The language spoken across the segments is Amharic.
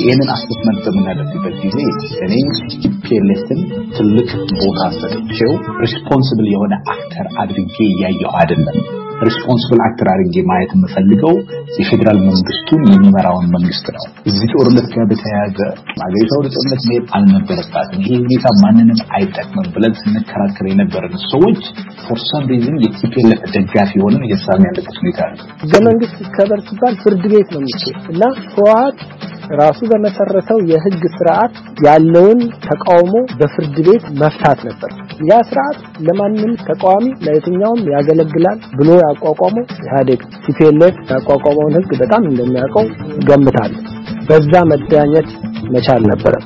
ይህንን አስመልክተን በምናደርግበት ጊዜ እኔ ፒኤልኤስን ትልቅ ቦታ ሰጥቼው ሪስፖንስብል የሆነ አክተር አድርጌ እያየው አይደለም። ሪስፖንስብል አክተር አድርጌ ማየት የምፈልገው የፌዴራል መንግስቱን የሚመራውን መንግስት ነው። እዚህ ጦርነት ጋር በተያያዘ ሀገሪቷ ወደ ጦርነት መሄድ አልነበረባትም፣ ይሄ ሁኔታ ማንንም አይጠቅምም ብለን ስንከራከር የነበረን ሰዎች ፎር ሰም ሪዝን የቲፒኤልኤፍ ደጋፊ የሆንን እየተሳሚ ያለበት ሁኔታ ነው። ህገ መንግስት ይከበር ሲባል ፍርድ ቤት ነው የሚችል እና ህወሓት ራሱ በመሰረተው የህግ ስርዓት ያለውን ተቃውሞ በፍርድ ቤት መፍታት ነበር ያ ስርዓት ለማንም ተቃዋሚ ለየትኛውም ያገለግላል ብሎ ያቋቋመው ኢህአዴግ ቲፒኤልኤፍ ያቋቋመውን ህግ በጣም እንደሚያውቀው ገምታል። በዛ መዳኘት መቻል ነበረ።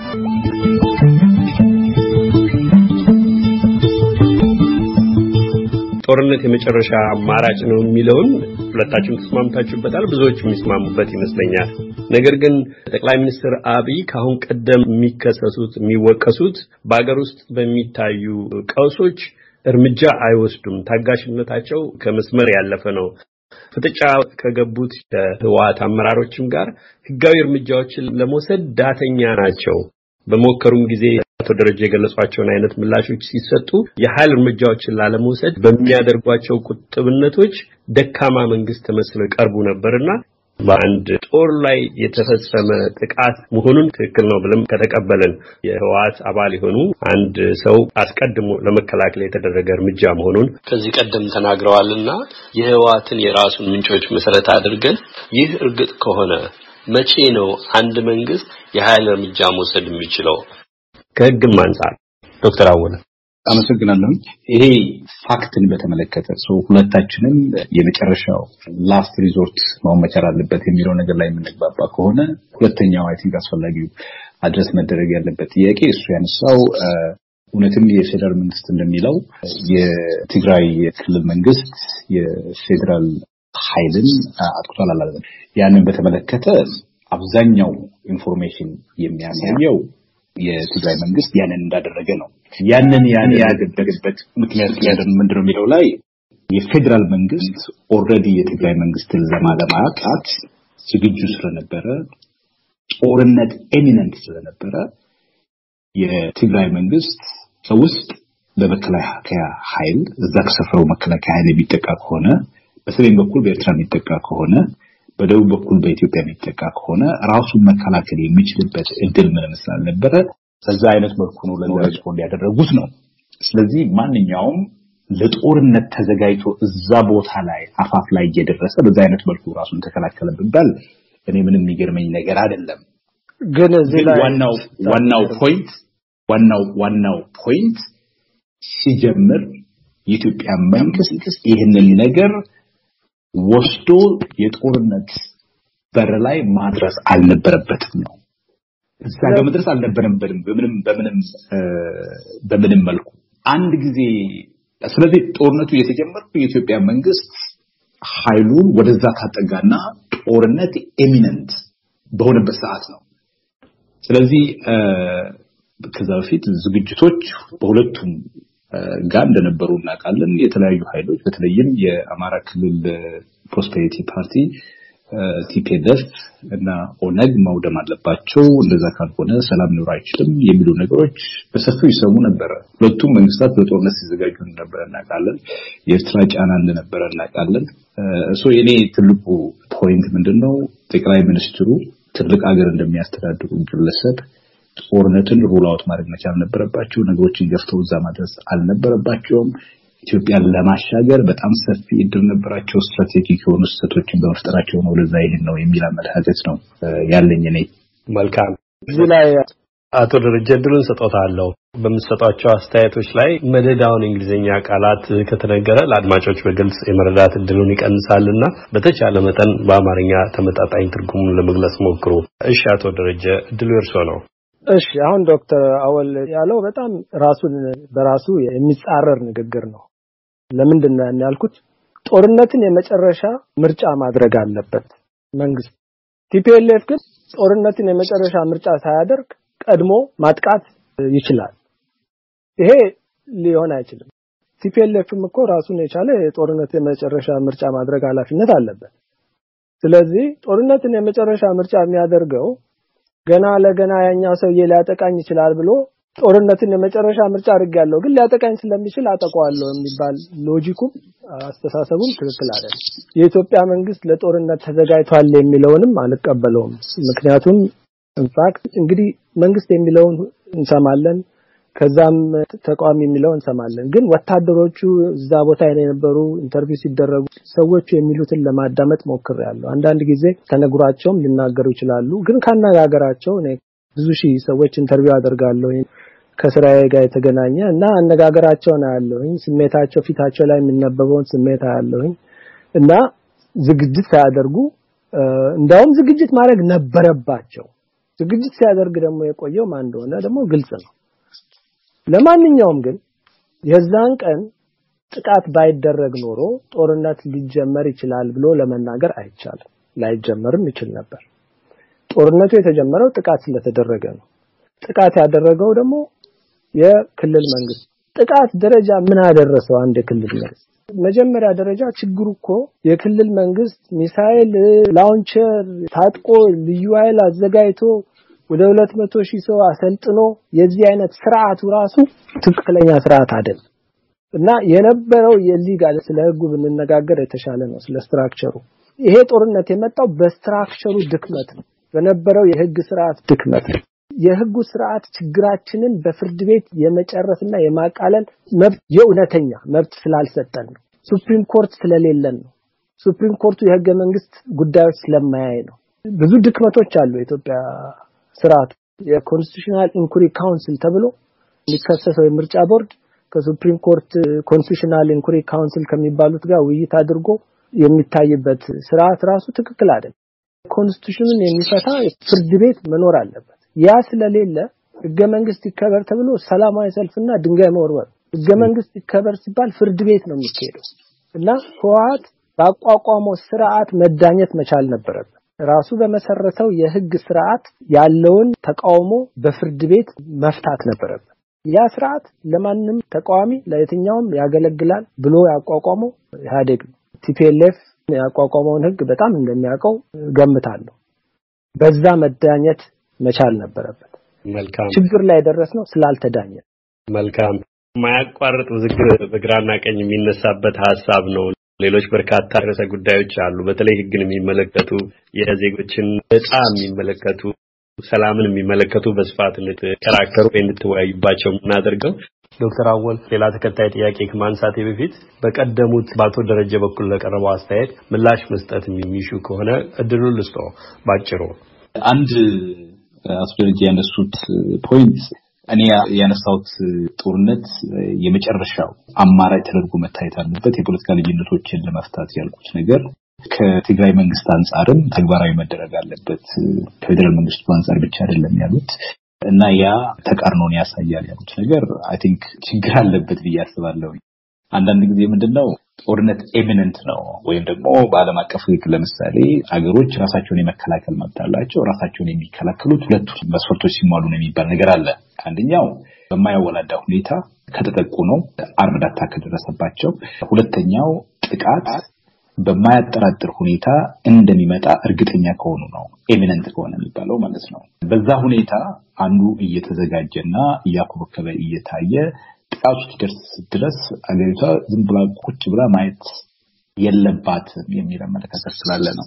ጦርነት የመጨረሻ አማራጭ ነው የሚለውን ሁለታችሁም ተስማምታችሁበታል፣ ብዙዎች የሚስማሙበት ይመስለኛል። ነገር ግን ጠቅላይ ሚኒስትር አብይ ከአሁን ቀደም የሚከሰሱት የሚወቀሱት በሀገር ውስጥ በሚታዩ ቀውሶች እርምጃ አይወስዱም፣ ታጋሽነታቸው ከመስመር ያለፈ ነው። ፍጥጫ ከገቡት የህወሓት አመራሮችም ጋር ህጋዊ እርምጃዎችን ለመውሰድ ዳተኛ ናቸው። በሞከሩም ጊዜ አቶ ደረጃ የገለጿቸውን አይነት ምላሾች ሲሰጡ የኃይል እርምጃዎችን ላለመውሰድ በሚያደርጓቸው ቁጥብነቶች ደካማ መንግስት ተመስለው ቀርቡ ነበርና በአንድ ጦር ላይ የተፈጸመ ጥቃት መሆኑን ትክክል ነው ብለም ከተቀበልን የህወሓት አባል የሆኑ አንድ ሰው አስቀድሞ ለመከላከል የተደረገ እርምጃ መሆኑን ከዚህ ቀደም ተናግረዋል እና የህወሓትን የራሱን ምንጮች መሰረት አድርገን ይህ እርግጥ ከሆነ መቼ ነው አንድ መንግስት የኃይል እርምጃ መውሰድ የሚችለው? ከህግም አንጻር ዶክተር አወለ አመሰግናለሁ። ይሄ ፋክትን በተመለከተ ሰው ሁለታችንም የመጨረሻው ላስት ሪዞርት መሆን መቻል አለበት የሚለው ነገር ላይ የምንግባባ ከሆነ ሁለተኛው አይ ቲንክ አስፈላጊው አድረስ መደረግ ያለበት ጥያቄ እሱ ያነሳው እውነትም የፌዴራል መንግስት እንደሚለው የትግራይ ክልል መንግስት የፌዴራል ኃይልን አጥቅቷል አላለም። ያንን በተመለከተ አብዛኛው ኢንፎርሜሽን የሚያሳየው የትግራይ መንግስት ያንን እንዳደረገ ነው። ያንን ያን ያደረገበት ምክንያት ያደም ምንድነው የሚለው ላይ የፌዴራል መንግስት ኦልሬዲ የትግራይ መንግስትን ለማለማጣት ዝግጁ ስለነበረ ጦርነት ኤሚነንት ስለነበረ የትግራይ መንግስት ከውስጥ በመከላከያ ኃይል እዛ ከሰፈረው መከላከያ ኃይል የሚጠቃ ከሆነ በሰሜን በኩል በኤርትራ የሚጠቃ ከሆነ በደቡብ በኩል በኢትዮጵያ የሚጠቃ ከሆነ ራሱን መከላከል የሚችልበት እድል ምንም ስላልነበረ በዛ አይነት መልኩ ነው ሬስፖንድ ያደረጉት ነው። ስለዚህ ማንኛውም ለጦርነት ተዘጋጅቶ እዛ ቦታ ላይ አፋፍ ላይ እየደረሰ በዛ አይነት መልኩ ራሱን ተከላከለ ብባል እኔ ምንም የሚገርመኝ ነገር አይደለም። ግን እዚህ ላይ ዋናው ዋናው ፖይንት ዋናው ዋናው ፖይንት ሲጀምር የኢትዮጵያ መንግስት ይህንን ነገር ወስዶ የጦርነት በር ላይ ማድረስ አልነበረበትም ነው። እዛ ጋር መድረስ አልነበረበትም በምንም በምንም በምንም መልኩ አንድ ጊዜ። ስለዚህ ጦርነቱ የተጀመረው የኢትዮጵያ መንግስት ኃይሉን ወደዛ ካጠጋና ጦርነት ኤሚነንት በሆነበት ሰዓት ነው። ስለዚህ ከዛ በፊት ዝግጅቶች በሁለቱም ጋር እንደነበሩ እናውቃለን። የተለያዩ ኃይሎች በተለይም የአማራ ክልል ፕሮስፔሪቲ ፓርቲ ቲፔደፍ እና ኦነግ ማውደም አለባቸው፣ እንደዛ ካልሆነ ሰላም ሊኖር አይችልም የሚሉ ነገሮች በሰፊው ይሰሙ ነበረ። ሁለቱም መንግስታት በጦርነት ሲዘጋጁ እንደነበረ እናውቃለን። የኤርትራ ጫና እንደነበረ እናውቃለን። እሶ የኔ ትልቁ ፖይንት ምንድን ነው? ጠቅላይ ሚኒስትሩ ትልቅ ሀገር እንደሚያስተዳድሩ ግለሰብ ጦርነትን ሩል አውት ማድረግ መቻል አልነበረባቸው። ነገሮችን ገፍተው እዛ ማድረስ አልነበረባቸውም። ኢትዮጵያን ለማሻገር በጣም ሰፊ እድል ነበራቸው። ስትራቴጂክ የሆኑ ስህተቶችን በመፍጠራቸው ነው ወደዛ ይህን ነው የሚል አመለካከት ነው ያለኝ እኔ። መልካም እዚህ ላይ አቶ ደረጀ እድሉን ሰጦታለሁ። በምሰጧቸው አስተያየቶች ላይ መደዳውን እንግሊዝኛ ቃላት ከተነገረ ለአድማጮች በግልጽ የመረዳት እድሉን ይቀንሳልና በተቻለ መጠን በአማርኛ ተመጣጣኝ ትርጉሙን ለመግለጽ ሞክሩ። እሺ፣ አቶ ደረጀ እድሉ እርሶ ነው። እሺ አሁን ዶክተር አወል ያለው በጣም ራሱን በራሱ የሚጻረር ንግግር ነው። ለምንድን ነው ያልኩት? ጦርነትን የመጨረሻ ምርጫ ማድረግ አለበት መንግስት። ቲፒኤልኤፍ ግን ጦርነትን የመጨረሻ ምርጫ ሳያደርግ ቀድሞ ማጥቃት ይችላል። ይሄ ሊሆን አይችልም። ቲፒኤልኤፍም እኮ ራሱን የቻለ የጦርነት የመጨረሻ ምርጫ ማድረግ ኃላፊነት አለበት። ስለዚህ ጦርነትን የመጨረሻ ምርጫ የሚያደርገው ገና ለገና ያኛው ሰውዬ ሊያጠቃኝ ይችላል ብሎ ጦርነትን የመጨረሻ ምርጫ ያለው ግን ሊያጠቃኝ ስለሚችል አጠቃዋለሁ የሚባል ሎጂኩም አስተሳሰቡም ትክክል አይደለም። የኢትዮጵያ መንግስት ለጦርነት ተዘጋጅቷል የሚለውንም አልቀበለውም። ምክንያቱም ኢንፋክት እንግዲህ መንግስት የሚለውን እንሰማለን ከዛም ተቃዋሚ የሚለው እንሰማለን። ግን ወታደሮቹ እዛ ቦታ የነበሩ ኢንተርቪው ሲደረጉ ሰዎቹ የሚሉትን ለማዳመጥ ሞክር ያለው አንዳንድ ጊዜ ተነግሯቸውም ሊናገሩ ይችላሉ። ግን ካነጋገራቸው እኔ ብዙ ሺህ ሰዎች ኢንተርቪው አደርጋለሁ ከስራዬ ጋር የተገናኘ እና አነጋገራቸውን አያለሁኝ። ስሜታቸው ፊታቸው ላይ የሚነበበውን ስሜት አያለሁኝ እና ዝግጅት ሳያደርጉ እንዳውም ዝግጅት ማድረግ ነበረባቸው። ዝግጅት ሲያደርግ ደግሞ የቆየው ማን እንደሆነ ደግሞ ግልጽ ነው። ለማንኛውም ግን የዛን ቀን ጥቃት ባይደረግ ኖሮ ጦርነት ሊጀመር ይችላል ብሎ ለመናገር አይቻልም። ላይጀመርም ይችል ነበር። ጦርነቱ የተጀመረው ጥቃት ስለተደረገ ነው። ጥቃት ያደረገው ደግሞ የክልል መንግስት። ጥቃት ደረጃ ምን አደረሰው? አንድ የክልል መንግስት መጀመሪያ ደረጃ ችግሩ እኮ የክልል መንግስት ሚሳኤል ላውንቸር ታጥቆ ልዩ ኃይል አዘጋጅቶ ወደ 200 ሺህ ሰው አሰልጥኖ የዚህ አይነት ስርዓቱ ራሱ ትክክለኛ ስርዓት አይደለም እና የነበረው የዚህ ጋር ስለ ህጉ ብንነጋገር የተሻለ ነው። ስለ ስትራክቸሩ ይሄ ጦርነት የመጣው በስትራክቸሩ ድክመት ነው፣ በነበረው የህግ ስርዓት ድክመት ነው። የህጉ ስርዓት ችግራችንን በፍርድ ቤት የመጨረስና የማቃለል መብት የእውነተኛ መብት ስላልሰጠን ነው። ሱፕሪም ኮርት ስለሌለን ነው። ሱፕሪም ኮርቱ የህገ መንግስት ጉዳዮች ስለማያይ ነው። ብዙ ድክመቶች አሉ የኢትዮጵያ ስርዓት የኮንስቲቱሽናል ኢንኩሪ ካውንስል ተብሎ የሚከሰሰው የምርጫ ቦርድ ከሱፕሪም ኮርት ኮንስቲቱሽናል ኢንኩሪ ካውንስል ከሚባሉት ጋር ውይይት አድርጎ የሚታይበት ስርዓት ራሱ ትክክል አይደለም። ኮንስቲቱሽኑን የሚፈታ ፍርድ ቤት መኖር አለበት። ያ ስለሌለ ህገ መንግስት ይከበር ተብሎ ሰላማዊ ሰልፍና ድንጋይ መወርወር፣ ህገ መንግስት ይከበር ሲባል ፍርድ ቤት ነው የሚካሄደው እና ህወሓት ባቋቋመው ስርዓት መዳኘት መቻል ነበረበት። ራሱ በመሰረተው የህግ ስርዓት ያለውን ተቃውሞ በፍርድ ቤት መፍታት ነበረበት። ያ ስርዓት ለማንም ተቃዋሚ ለየትኛውም ያገለግላል ብሎ ያቋቋመው ኢህአዴግ ነው። ቲፒኤልኤፍ ያቋቋመውን ህግ በጣም እንደሚያውቀው ገምታለሁ። በዛ መዳኘት መቻል ነበረበት። መልካም ችግር ላይ የደረስነው ስላልተዳኘ። መልካም የማያቋርጥ ውዝግብ በግራና ቀኝ የሚነሳበት ሀሳብ ነው። ሌሎች በርካታ ርዕሰ ጉዳዮች አሉ። በተለይ ህግን የሚመለከቱ የዜጎችን ነጻ የሚመለከቱ ሰላምን የሚመለከቱ በስፋት እንድትከራከሩ ወይ እንድትወያዩባቸው የምናደርገው። ዶክተር አወል ሌላ ተከታይ ጥያቄ ከማንሳቴ በፊት በቀደሙት በአቶ ደረጀ በኩል ለቀረበው አስተያየት ምላሽ መስጠት የሚሹ ከሆነ እድሉን ልስጦ ባጭሩ አንድ አቶ ደረጀ ያነሱት ፖይንት እኔ ያነሳሁት ጦርነት የመጨረሻው አማራጭ ተደርጎ መታየት አለበት። የፖለቲካ ልዩነቶችን ለመፍታት ያልኩት ነገር ከትግራይ መንግስት አንጻርም ተግባራዊ መደረግ አለበት። ከፌዴራል መንግስቱ አንጻር ብቻ አይደለም ያሉት እና ያ ተቃርኖን ያሳያል ያሉት ነገር አይ ቲንክ ችግር አለበት ብዬ አስባለሁ። አንዳንድ ጊዜ ምንድነው ጦርነት ኤሚነንት ነው ወይም ደግሞ በዓለም አቀፍ ሕግ ለምሳሌ ሀገሮች ራሳቸውን የመከላከል መብት አላቸው። ራሳቸውን የሚከላከሉት ሁለቱ መስፈርቶች ሲሟሉ ነው የሚባል ነገር አለ። አንደኛው በማያወላዳ ሁኔታ ከተጠቁ ነው፣ አርምድ አታክ ከደረሰባቸው። ሁለተኛው ጥቃት በማያጠራጥር ሁኔታ እንደሚመጣ እርግጠኛ ከሆኑ ነው፣ ኤሚነንት ከሆነ የሚባለው ማለት ነው። በዛ ሁኔታ አንዱ እየተዘጋጀና እያኮበከበ እየታየ ጥቃቱ ትደርስ ድረስ አገሪቷ ዝም ብላ ቁጭ ብላ ማየት የለባትም የሚል አመለካከት ስላለ ነው።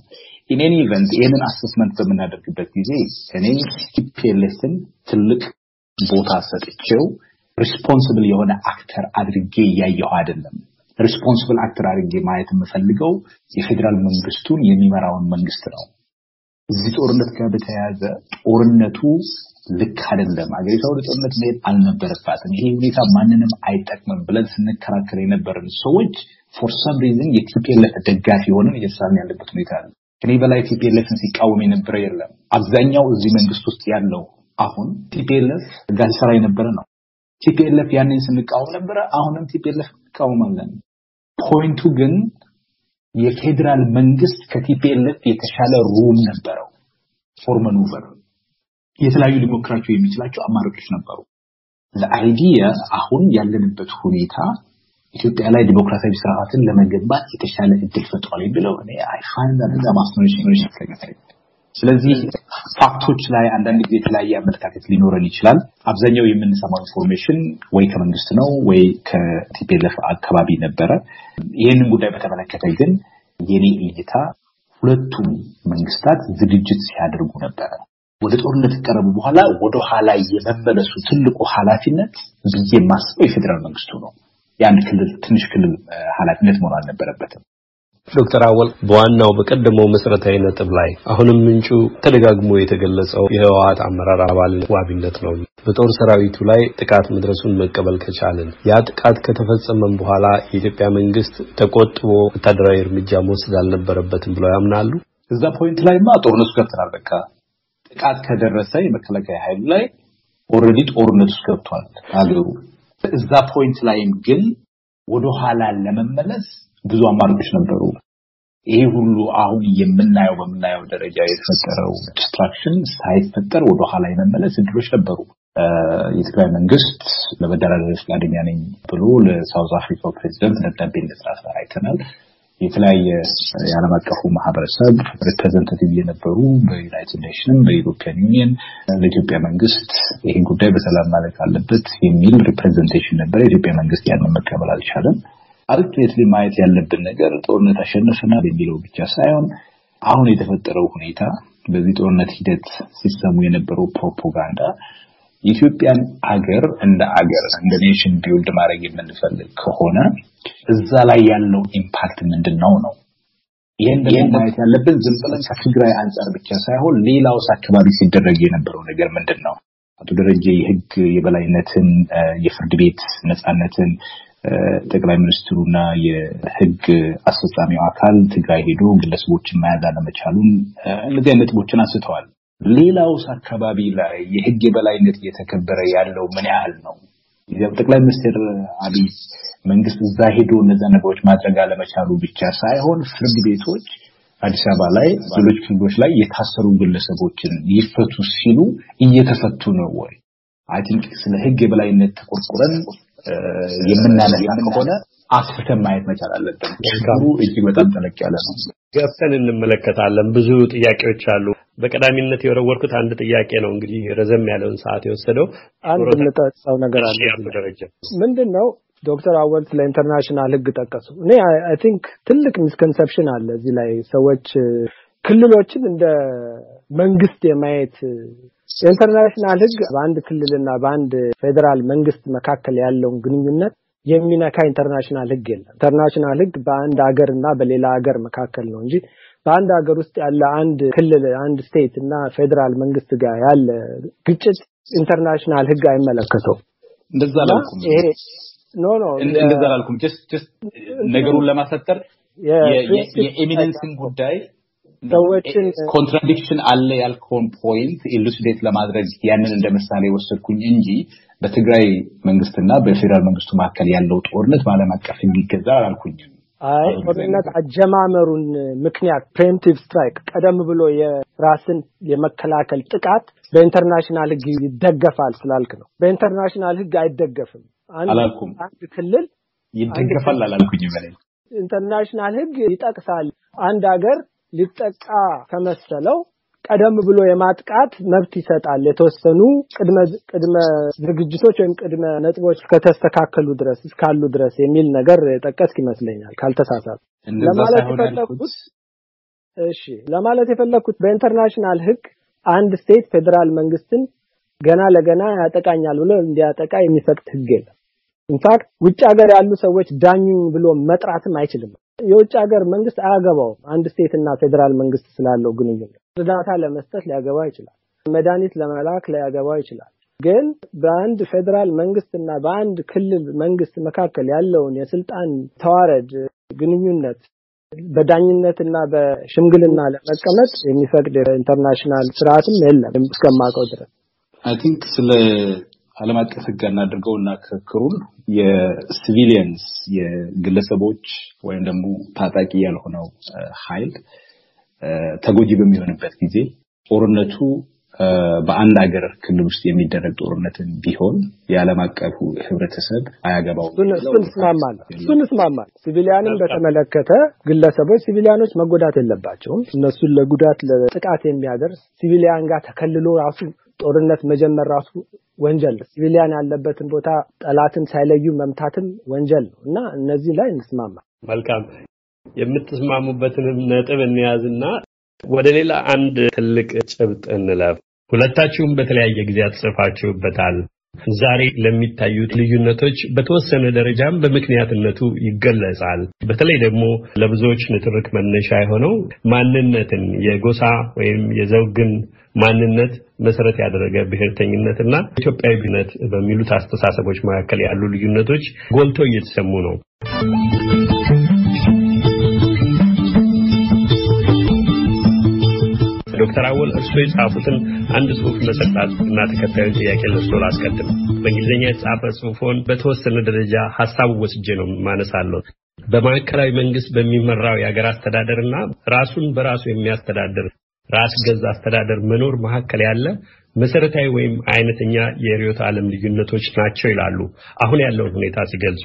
ኢኔን ኢቨንት ይህንን አሰስመንት በምናደርግበት ጊዜ እኔ ቲፒኤልኤፍን ትልቅ ቦታ ሰጥቼው ሪስፖንስብል የሆነ አክተር አድርጌ እያየሁ አይደለም። ሪስፖንስብል አክተር አድርጌ ማየት የምፈልገው የፌዴራል መንግስቱን የሚመራውን መንግስት ነው። እዚህ ጦርነት ጋር በተያያዘ ጦርነቱ ልክ አይደለም፣ አገሪቷ ወደ ጦርነት መሄድ አልነበረባትም፣ ይሄ ሁኔታ ማንንም አይጠቅምም ብለን ስንከራከር የነበርን ሰዎች ፎር ሰም ሪዝን የቲፒኤልኤፍ ደጋፊ የሆንን እየተሳን ያለበት ሁኔታ አለ። ከኔ በላይ ቲፒኤልኤፍን ሲቃወም የነበረ የለም። አብዛኛው እዚህ መንግስት ውስጥ ያለው አሁን ቲፒኤልኤፍ ጋር ሲሰራ የነበረ ነው። ቲፒኤልኤፍ ያንን ስንቃወም ነበረ፣ አሁንም ቲፒኤልኤፍ እንቃወማለን። ፖይንቱ ግን የፌዴራል መንግስት ከቲፒኤልኤፍ የተሻለ ሩም ነበረው ፎር መኑቨር። የተለያዩ ሊሞክራቸው የሚችላቸው አማራጮች ነበሩ። ለአይዲያ አሁን ያለንበት ሁኔታ ኢትዮጵያ ላይ ዲሞክራሲያዊ ስርዓትን ለመገንባት የተሻለ እድል ፈጥሯል የሚለው እኔ አይፋን ማስኖች ስለዚህ ፋክቶች ላይ አንዳንድ ጊዜ የተለያየ አመለካከት ሊኖረን ይችላል። አብዛኛው የምንሰማው ኢንፎርሜሽን ወይ ከመንግስት ነው ወይ ከቲፒኤልኤፍ አካባቢ ነበረ። ይህንን ጉዳይ በተመለከተ ግን የኔ እይታ ሁለቱም መንግስታት ዝግጅት ሲያደርጉ ነበረ። ወደ ጦርነት ቀረቡ በኋላ ወደ ኋላ የመመለሱ ትልቁ ኃላፊነት ብዬ ማስበው የፌዴራል መንግስቱ ነው። የአንድ ክልል ትንሽ ክልል ኃላፊነት መሆን አልነበረበትም። ዶክተር አወል በዋናው በቀደመው መሰረታዊ ነጥብ ላይ አሁንም ምንጩ ተደጋግሞ የተገለጸው የህወሓት አመራር አባል ዋቢነት ነው። በጦር ሰራዊቱ ላይ ጥቃት መድረሱን መቀበል ከቻልን ያ ጥቃት ከተፈጸመም በኋላ የኢትዮጵያ መንግስት ተቆጥቦ ወታደራዊ እርምጃ መውሰድ አልነበረበትም ብለው ያምናሉ። እዛ ፖይንት ላይማ ጦርነቱ ገብተናል። በቃ ጥቃት ከደረሰ የመከላከያ ኃይሉ ላይ ኦልሬዲ ጦርነት ውስጥ ገብቷል አገሩ። እዛ ፖይንት ላይም ግን ወደኋላ ለመመለስ ብዙ አማራጮች ነበሩ። ይሄ ሁሉ አሁን የምናየው በምናየው ደረጃ የተፈጠረው ዲስትራክሽን ሳይፈጠር ወደኋላ የመመለስ እድሎች ነበሩ። የትግራይ መንግስት ለመደራደር ፈቃደኛ ነኝ ብሎ ለሳውዝ አፍሪካው ፕሬዚደንት ደብዳቤ እንደጻፈ አይተናል። የተለያየ የዓለም አቀፉ ማህበረሰብ ሪፕሬዘንታቲቭ የነበሩ በዩናይትድ ኔሽን፣ በኢሮፒያን ዩኒየን ለኢትዮጵያ መንግስት ይህን ጉዳይ በሰላም ማለቅ አለበት የሚል ሪፕሬዘንቴሽን ነበር። የኢትዮጵያ መንግስት ያንን መቀበል አልቻለም። አርክትሬትሊ ማየት ያለብን ነገር ጦርነት አሸነፈናል የሚለው ብቻ ሳይሆን አሁን የተፈጠረው ሁኔታ በዚህ ጦርነት ሂደት ሲሰሙ የነበረው ፕሮፓጋንዳ የኢትዮጵያን አገር እንደ አገር እንደ ኔሽን ቢውልድ ማድረግ የምንፈልግ ከሆነ እዛ ላይ ያለው ኢምፓክት ምንድን ነው ነው። ይህን ማየት ያለብን ዝም ብለን ከትግራይ አንጻር ብቻ ሳይሆን ሌላውስ አካባቢ ሲደረግ የነበረው ነገር ምንድን ነው? አቶ ደረጀ የህግ የበላይነትን፣ የፍርድ ቤት ነፃነትን ጠቅላይ ሚኒስትሩና የህግ አስፈጻሚው አካል ትግራይ ሄዶ ግለሰቦችን መያዝ አለመቻሉን እነዚህ ነጥቦችን አንስተዋል። ሌላውስ አካባቢ ላይ የህግ የበላይነት እየተከበረ ያለው ምን ያህል ነው? ጠቅላይ ሚኒስትር አብይ መንግስት እዛ ሄዶ እነዚ ነገሮች ማድረግ አለመቻሉ ብቻ ሳይሆን ፍርድ ቤቶች አዲስ አበባ ላይ ሌሎች ክልሎች ላይ የታሰሩ ግለሰቦችን ይፈቱ ሲሉ እየተፈቱ ነው ወይ? አይ ቲንክ ስለ ህግ የበላይነት ተቆርቁረን የምናነሳ ከሆነ አስፍተን ማየት መቻል አለብን። ችግሩ እጅግ በጣም ጠለቅ ያለ ነው። ገብተን እንመለከታለን። ብዙ ጥያቄዎች አሉ። በቀዳሚነት የወረወርኩት አንድ ጥያቄ ነው። እንግዲህ ረዘም ያለውን ሰዓት የወሰደው አንድ የምጠቅሰው ነገር አለ። ምንድን ነው ዶክተር አወል ስለ ኢንተርናሽናል ሕግ ጠቀሱ። እኔ አይ ቲንክ ትልቅ ሚስኮንሰፕሽን አለ እዚህ ላይ ሰዎች ክልሎችን እንደ መንግስት የማየት የኢንተርናሽናል ህግ በአንድ ክልልና በአንድ ፌዴራል መንግስት መካከል ያለውን ግንኙነት የሚነካ ኢንተርናሽናል ህግ የለም። ኢንተርናሽናል ህግ በአንድ ሀገር እና በሌላ ሀገር መካከል ነው እንጂ በአንድ ሀገር ውስጥ ያለ አንድ ክልል አንድ ስቴት እና ፌዴራል መንግስት ጋር ያለ ግጭት ኢንተርናሽናል ህግ አይመለከተውም። እንደዛ አላልኩም። ኖ ኖ እንደዛ አላልኩም። ጀስት ጀስት ነገሩን ለማሰጠር የኤሚነንስን ጉዳይ ሰዎችን ኮንትራዲክሽን አለ ያልከውን ፖይንት ኢሉሲዴት ለማድረግ ያንን እንደ ምሳሌ ወሰድኩኝ እንጂ በትግራይ መንግስትና በፌዴራል መንግስቱ መካከል ያለው ጦርነት በዓለም አቀፍ እንዲገዛ አላልኩኝም። አይ ጦርነት አጀማመሩን ምክንያት ፕሬምቲቭ ስትራይክ ቀደም ብሎ የራስን የመከላከል ጥቃት በኢንተርናሽናል ህግ ይደገፋል ስላልክ ነው። በኢንተርናሽናል ህግ አይደገፍም አላልኩም። አንድ ክልል ይደገፋል አላልኩኝ። ኢንተርናሽናል ህግ ይጠቅሳል። አንድ ሀገር ሊጠቃ ከመሰለው ቀደም ብሎ የማጥቃት መብት ይሰጣል። የተወሰኑ ቅድመ ዝግጅቶች ወይም ቅድመ ነጥቦች ከተስተካከሉ ድረስ እስካሉ ድረስ የሚል ነገር ጠቀስክ ይመስለኛል፣ ካልተሳሳት ለማለት የፈለኩት እሺ፣ ለማለት የፈለኩት በኢንተርናሽናል ሕግ አንድ ስቴት ፌዴራል መንግስትን ገና ለገና ያጠቃኛል ብሎ እንዲያጠቃ የሚፈቅድ ሕግ የለም። ኢንፋክት ውጭ ሀገር ያሉ ሰዎች ዳኙኝ ብሎ መጥራትም አይችልም። የውጭ ሀገር መንግስት አያገባውም። አንድ እና ፌዴራል መንግስት ስላለው ግንኙነት እርዳታ ለመስጠት ሊያገባ ይችላል። መድኃኒት ለመላክ ሊያገባ ይችላል። ግን በአንድ ፌዴራል መንግስት እና በአንድ ክልል መንግስት መካከል ያለውን የስልጣን ተዋረድ ግንኙነት በዳኝነትና በሽምግልና ለመቀመጥ የሚፈቅድ ኢንተርናሽናል ስርዓትም የለም እስከማውቀው ድረስ አይ ቲንክ ስለ ዓለም አቀፍ ሕግ እናድርገውና ክርክሩን የሲቪሊየንስ የግለሰቦች ወይም ደግሞ ታጣቂ ያልሆነው ኃይል ተጎጂ በሚሆንበት ጊዜ ጦርነቱ በአንድ ሀገር ክልል ውስጥ የሚደረግ ጦርነትን ቢሆን የዓለም አቀፉ ህብረተሰብ አያገባው እሱን እስማማለሁ እሱን ሲቪሊያንን በተመለከተ ግለሰቦች ሲቪሊያኖች መጎዳት የለባቸውም። እነሱን ለጉዳት ለጥቃት የሚያደርስ ሲቪሊያን ጋር ተከልሎ ራሱ ጦርነት መጀመር ራሱ ወንጀል ነው። ሲቪሊያን ያለበትን ቦታ ጠላትን ሳይለዩ መምታትም ወንጀል ነው እና እነዚህ ላይ እንስማማ። መልካም የምትስማሙበትንም ነጥብ እንያዝና ወደ ሌላ አንድ ትልቅ ጭብጥ እንለፍ። ሁለታችሁም በተለያየ ጊዜ ጽፋችሁበታል። ዛሬ ለሚታዩት ልዩነቶች በተወሰነ ደረጃም በምክንያትነቱ ይገለጻል። በተለይ ደግሞ ለብዙዎች ንትርክ መነሻ የሆነው ማንነትን የጎሳ ወይም የዘውግን ማንነት መሰረት ያደረገ ብሔርተኝነትና ኢትዮጵያዊ ብነት በሚሉት አስተሳሰቦች መካከል ያሉ ልዩነቶች ጎልተው እየተሰሙ ነው። ዶክተር አወል እርስዎ የጻፉትን አንድ ጽሁፍ መሰጣት እና ተከታዩን ጥያቄ ለእርስዎ ላስቀድም። በእንግሊዝኛ የተጻፈ ጽሁፎን በተወሰነ ደረጃ ሀሳቡ ወስጄ ነው ማነሳለሁ። በማዕከላዊ መንግስት በሚመራው የሀገር አስተዳደር እና ራሱን በራሱ የሚያስተዳድር ራስ ገዝ አስተዳደር መኖር መካከል ያለ መሰረታዊ ወይም አይነተኛ የርዕዮተ ዓለም ልዩነቶች ናቸው ይላሉ። አሁን ያለውን ሁኔታ ሲገልጹ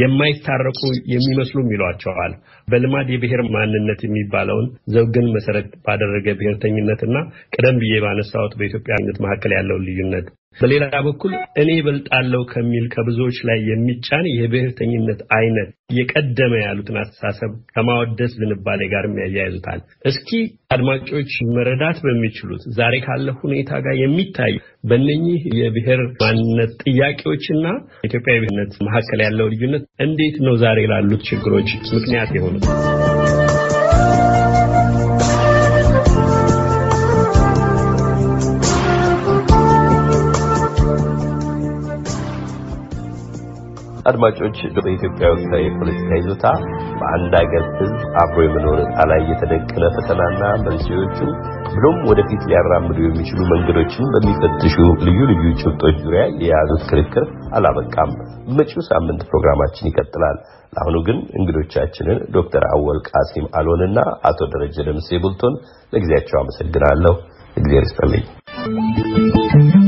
የማይታረቁ የሚመስሉም ይሏቸዋል። በልማድ የብሔር ማንነት የሚባለውን ዘውግን መሰረት ባደረገ ብሔርተኝነትና ቀደም ብዬ ባነሳሁት በኢትዮጵያዊነት መካከል ያለውን ልዩነት በሌላ በኩል እኔ እበልጣለሁ ከሚል ከብዙዎች ላይ የሚጫን የብሔርተኝነት አይነት የቀደመ ያሉትን አስተሳሰብ ከማወደስ ዝንባሌ ጋር የሚያያይዙታል። እስኪ አድማጮች መረዳት በሚችሉት ዛሬ ካለ ሁኔታ ጋር የሚታይ በእነኚህ የብሔር ማንነት ጥያቄዎችና ኢትዮጵያዊነት መካከል ያለው ልዩነት እንዴት ነው ዛሬ ላሉት ችግሮች ምክንያት የሆኑት? አድማጮች በኢትዮጵያ ወቅታዊ የፖለቲካ ይዞታ በአንድ ሀገር ህዝብ አብሮ የመኖር ዕጣ ላይ የተደቀነ ፈተናና መንስኤዎቹ ብሎም ወደፊት ሊያራምዱ የሚችሉ መንገዶችን በሚፈትሹ ልዩ ልዩ ጭብጦች ዙሪያ የያዙት ክርክር አላበቃም። መጪው ሳምንት ፕሮግራማችን ይቀጥላል። ለአሁኑ ግን እንግዶቻችንን ዶክተር አወል ቃሲም አሎንና አቶ ደረጀ ደምሴ ቡልቶን ለጊዜያቸው አመሰግናለሁ። እግዜር ይስጥልኝ።